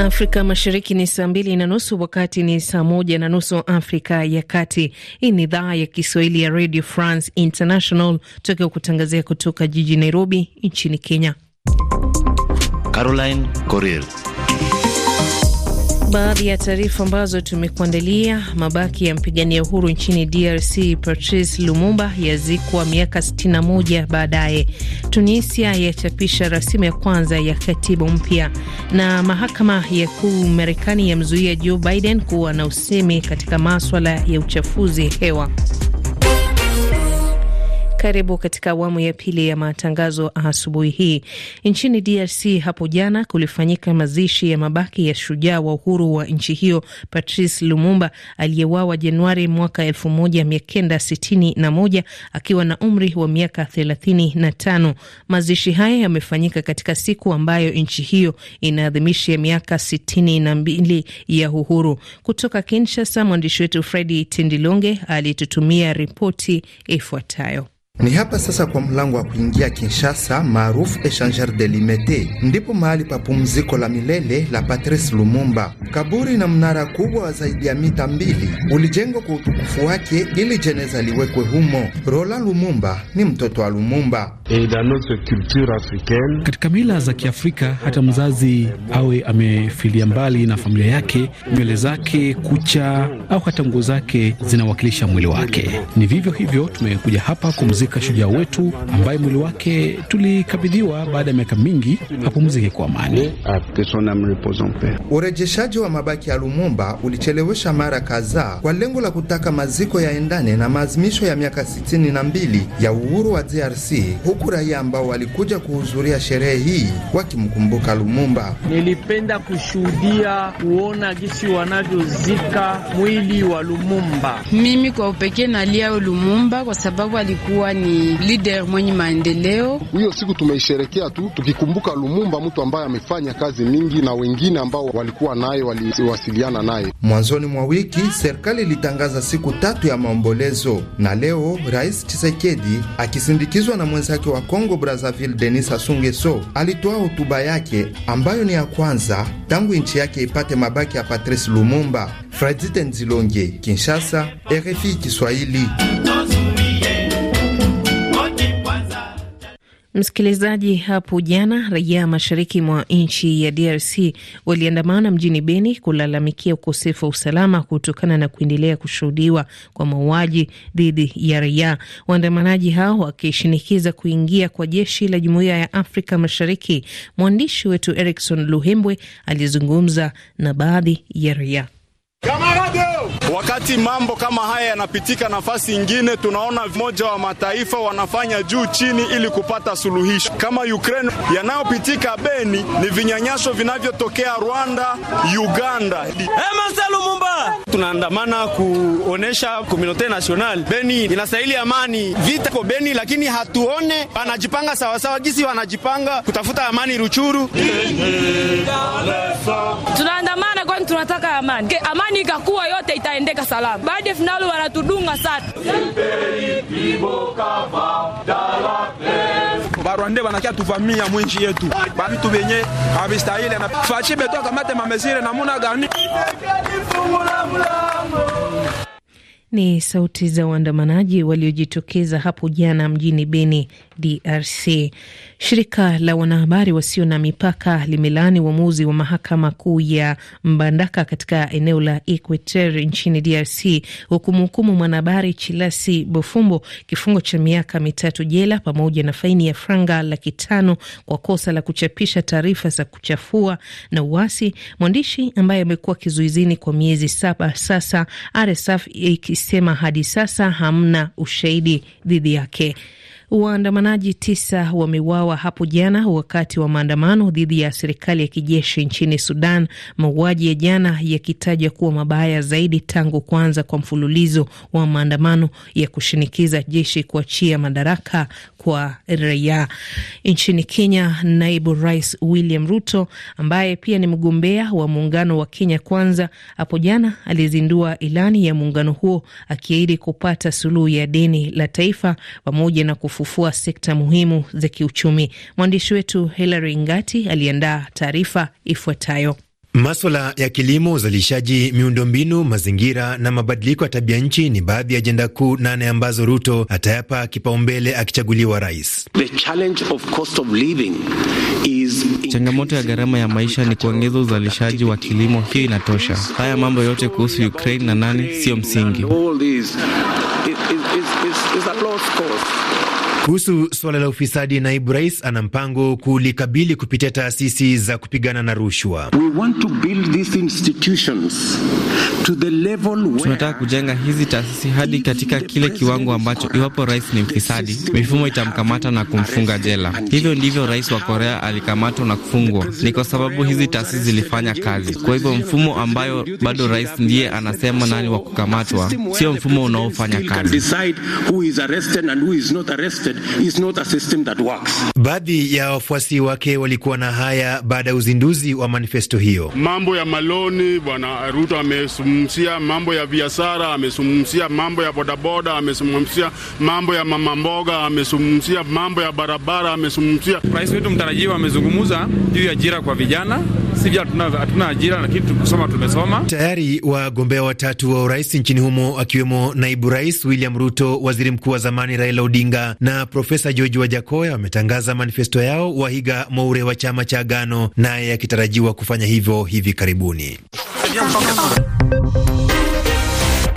Afrika Mashariki ni saa mbili na nusu, wakati ni saa moja na nusu Afrika ya Kati. Hii ni idhaa ya Kiswahili ya Radio France International tokea kutangazia kutoka jiji Nairobi nchini Kenya. Caroline Coril baadhi ya taarifa ambazo tumekuandalia. Mabaki ya mpigania uhuru nchini DRC Patrice Lumumba yazikwa miaka 61 baadaye. Tunisia yachapisha rasimu ya kwanza ya katiba mpya, na mahakama ya kuu Marekani yamzuia Joe Biden kuwa na usemi katika maswala ya uchafuzi hewa. Karibu katika awamu ya pili ya matangazo asubuhi hii. Nchini DRC hapo jana kulifanyika mazishi ya mabaki ya shujaa wa uhuru wa nchi hiyo Patrice Lumumba aliyewawa Januari mwaka 1961 akiwa na umri wa miaka 35. Mazishi haya yamefanyika katika siku ambayo nchi hiyo inaadhimisha miaka 62 ya uhuru. Kutoka Kinshasa, mwandishi wetu Fredi Tindilonge alitutumia ripoti ifuatayo. Ni hapa sasa kwa mlango wa kuingia Kinshasa maarufu Echangeur de Limete, ndipo mahali pa pumziko la milele la Patrice Lumumba. Kaburi na mnara kubwa wa zaidi ya mita mbili ulijengwa kwa utukufu wake ili jeneza liwekwe humo. rola Lumumba ni mtoto wa Lumumba. Katika mila za Kiafrika, hata mzazi awe amefilia mbali na familia yake, nywele zake, kucha au hata nguo zake zinawakilisha mwili wake. Ni vivyo hivyo, tumekuja hapa kumzika shujaa wetu ambaye mwili wake tulikabidhiwa baada ya miaka mingi, apumzike kwa amani. Urejeshaji wa mabaki ya Lumumba ulichelewesha mara kadhaa kwa lengo la kutaka maziko yaendane na maazimisho ya miaka mbili ya uhuru wa DRC huku raia ambao walikuja kuhudhuria sherehe hii wakimkumbuka Lumumba. Nilipenda kushuhudia kuona gisi wanavyozika mwili wa Lumumba. Mimi kwa upekee nalia Lumumba kwa sababu alikuwa ni lider mwenye maendeleo. Hiyo siku tumeisherekea tu tukikumbuka Lumumba, mtu ambaye amefanya kazi mingi na wengine ambao walikuwa naye waliwasiliana naye. Mwanzoni mwa wiki serikali ilitangaza siku tatu ya maombolezo, na leo Rais chisekedi akisindikizwa na mwenzake wa Kongo Brazzaville Denis Sassou Nguesso alitoa hotuba yake ambayo ni ya kwanza tangu nchi yake ipate mabaki ya Patrice Lumumba. Fredite Nzilonge, Kinshasa, RFI Kiswahili. Msikilizaji, hapo jana raia mashariki mwa nchi ya DRC waliandamana mjini Beni kulalamikia ukosefu wa usalama kutokana na kuendelea kushuhudiwa kwa mauaji dhidi ya raia. Waandamanaji hao wakishinikiza kuingia kwa jeshi la jumuiya ya Afrika Mashariki. Mwandishi wetu Erikson Luhembwe alizungumza na baadhi ya raia. Wakati mambo kama haya yanapitika nafasi ingine, tunaona mmoja wa mataifa wanafanya juu chini ili kupata suluhisho. Kama Ukraine, yanayopitika Beni ni vinyanyaso vinavyotokea Rwanda, Uganda. Eh, tunaandamana kuonesha komunote nasional Beni inastahili amani. Vita ko Beni, lakini hatuone wanajipanga sawasawa gisi wanajipanga kutafuta amani Ruchuru. Tunaandamana kwani tunataka amani, amani ikakuwa yote itaenda itaendeka salama. Baada finali wanatudunga sana Barwande wanakia tuvamia mwinji yetu bantu benye avistahili na fachi beto akamate mamezire namuna gani? Ni sauti za waandamanaji waliojitokeza hapo jana mjini Beni, DRC. Shirika la wanahabari wasio na mipaka limelaani uamuzi wa mahakama kuu ya Mbandaka katika eneo la Equateur nchini DRC wa kumhukumu mwanahabari Chilasi Bofumbo kifungo cha miaka mitatu jela pamoja na faini ya franga laki tano kwa kosa la kuchapisha taarifa za kuchafua na uasi. Mwandishi ambaye amekuwa kizuizini kwa miezi saba sasa, RSF ikisema hadi sasa hamna ushahidi dhidi yake. Waandamanaji tisa wameuawa hapo jana wakati wa maandamano dhidi ya serikali ya kijeshi nchini Sudan, mauaji ya jana yakitajwa kuwa mabaya zaidi tangu kuanza kwa mfululizo wa maandamano ya kushinikiza jeshi kuachia madaraka kwa raia. Nchini Kenya, naibu rais William Ruto ambaye pia ni mgombea wa muungano wa Kenya Kwanza, hapo jana alizindua ilani ya muungano huo akiahidi kupata suluhu ya deni la taifa pamoja na kufu kufufua sekta muhimu za kiuchumi. Mwandishi wetu Hilary Ngati aliandaa taarifa ifuatayo. Maswala ya kilimo, uzalishaji, miundombinu, mazingira na mabadiliko ya tabia nchi ni baadhi ya ajenda kuu nane ambazo Ruto atayapa kipaumbele akichaguliwa rais. Changamoto ya gharama ya maisha ni kuongeza uzalishaji wa kilimo, hiyo inatosha. Haya mambo yote kuhusu Ukraine na nani siyo msingi. Kuhusu suala la ufisadi, naibu rais ana mpango kulikabili kupitia taasisi za kupigana na rushwa. Tunataka kujenga hizi taasisi hadi katika kile kiwango ambacho iwapo rais ni mfisadi, mifumo itamkamata na kumfunga jela. Hivyo ndivyo rais wa Korea alikamatwa na kufungwa, ni kwa sababu hizi taasisi zilifanya kazi. Kwa hivyo mfumo ambayo bado rais ndiye anasema nani wa kukamatwa, sio mfumo unaofanya kazi implemented is not a system that works. Baadhi ya wafuasi wake walikuwa na haya baada ya uzinduzi wa manifesto hiyo. Mambo ya maloni, bwana Ruto amesumumsia mambo ya biashara, amesumumsia mambo ya bodaboda, amesumumsia mambo ya mama mboga, amesumumsia mambo ya barabara, amesumumsia. Rais wetu mtarajiwa amezungumza juu ya ajira kwa vijana, sivyo? Hatuna ajira, lakini tukusoma tumesoma tayari. Wagombea watatu wa urais nchini humo akiwemo naibu rais William Ruto, waziri mkuu wa zamani Raila Odinga na Profesa George Wajakoya wametangaza manifesto yao, Wahiga Moure wa chama cha Agano naye akitarajiwa kufanya hivyo hivi karibuni.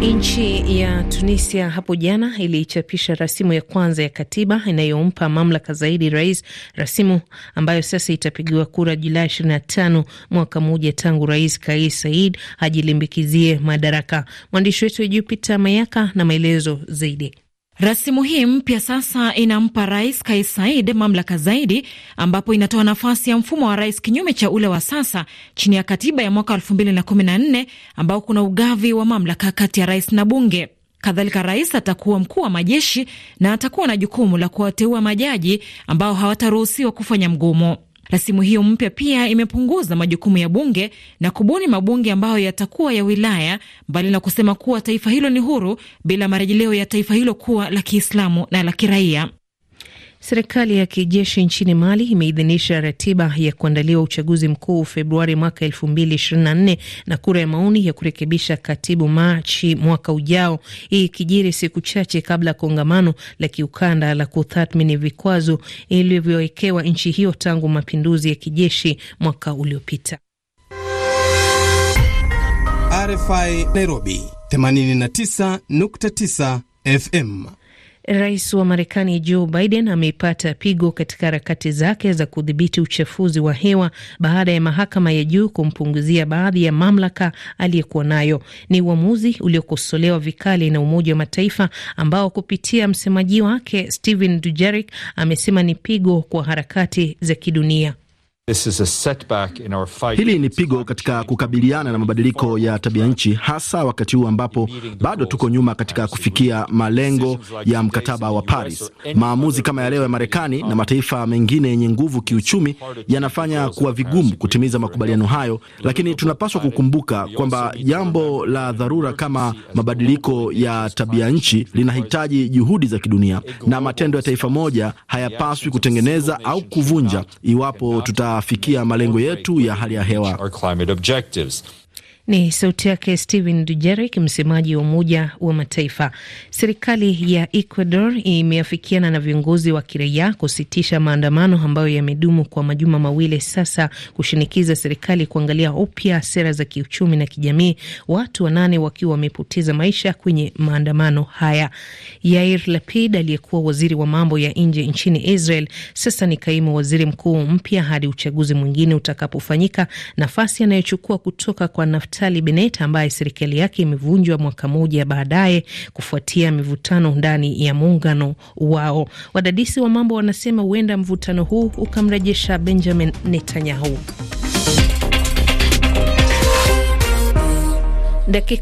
Nchi ya Tunisia hapo jana ilichapisha rasimu ya kwanza ya katiba inayompa mamlaka zaidi rais, rasimu ambayo sasa itapigiwa kura Julai 25, mwaka mmoja tangu Rais Kais said ajilimbikizie madaraka. Mwandishi wetu Jupita Mayaka na maelezo zaidi. Rasimu hii mpya sasa inampa rais Kais Saied mamlaka zaidi, ambapo inatoa nafasi ya mfumo wa rais kinyume cha ule wa sasa chini ya katiba ya mwaka 2014 ambao kuna ugavi wa mamlaka kati ya rais na bunge. Kadhalika, rais atakuwa mkuu wa majeshi na atakuwa na jukumu la kuwateua majaji ambao hawataruhusiwa kufanya mgomo. Rasimu hiyo mpya pia imepunguza majukumu ya bunge na kubuni mabunge ambayo yatakuwa ya wilaya, mbali na kusema kuwa taifa hilo ni huru bila marejeleo ya taifa hilo kuwa la Kiislamu na la kiraia. Serikali ya kijeshi nchini Mali imeidhinisha ratiba ya kuandaliwa uchaguzi mkuu Februari mwaka 2024 na kura ya maoni ya kurekebisha katibu Machi mwaka ujao. Hii ikijiri siku chache kabla ya kongamano la kiukanda la kutathmini vikwazo ilivyowekewa nchi hiyo tangu mapinduzi ya kijeshi mwaka uliopita. RFI Nairobi 89.9 FM. Rais wa Marekani Joe Biden amepata pigo katika harakati zake za kudhibiti uchafuzi wa hewa baada ya mahakama ya juu kumpunguzia baadhi ya mamlaka aliyekuwa nayo. Ni uamuzi uliokosolewa vikali na Umoja wa Mataifa ambao kupitia msemaji wake stehen Dujarric amesema ni pigo kwa harakati za kidunia. This is a setback in our fight. Hili ni pigo katika kukabiliana na mabadiliko ya tabia nchi, hasa wakati huu ambapo bado tuko nyuma katika kufikia malengo ya mkataba wa Paris. Maamuzi kama ya leo ya Marekani na mataifa mengine yenye nguvu kiuchumi yanafanya kuwa vigumu kutimiza makubaliano hayo, lakini tunapaswa kukumbuka kwamba jambo la dharura kama mabadiliko ya tabia nchi linahitaji juhudi za kidunia, na matendo ya taifa moja hayapaswi kutengeneza au kuvunja iwapo tuta tutafikia malengo yetu ya hali ya hewa. Ni sauti yake Steven Dujerik, msemaji wa Umoja wa Mataifa. Serikali ya Ecuador imeafikiana na viongozi wa kiraia kusitisha maandamano ambayo yamedumu kwa majuma mawili sasa, kushinikiza serikali kuangalia upya sera za kiuchumi na kijamii, watu wanane wakiwa wamepoteza maisha kwenye maandamano haya. Yair Lapid aliyekuwa waziri wa mambo ya nje nchini Israel sasa ni kaimu waziri mkuu mpya hadi uchaguzi mwingine utakapofanyika, nafasi anayochukua kutoka kwa naft Naftali Bennett ambaye serikali yake imevunjwa mwaka mmoja baadaye kufuatia mivutano ndani ya muungano wao. Wadadisi wa mambo wanasema huenda mvutano huu ukamrejesha Benjamin Netanyahu. Dakika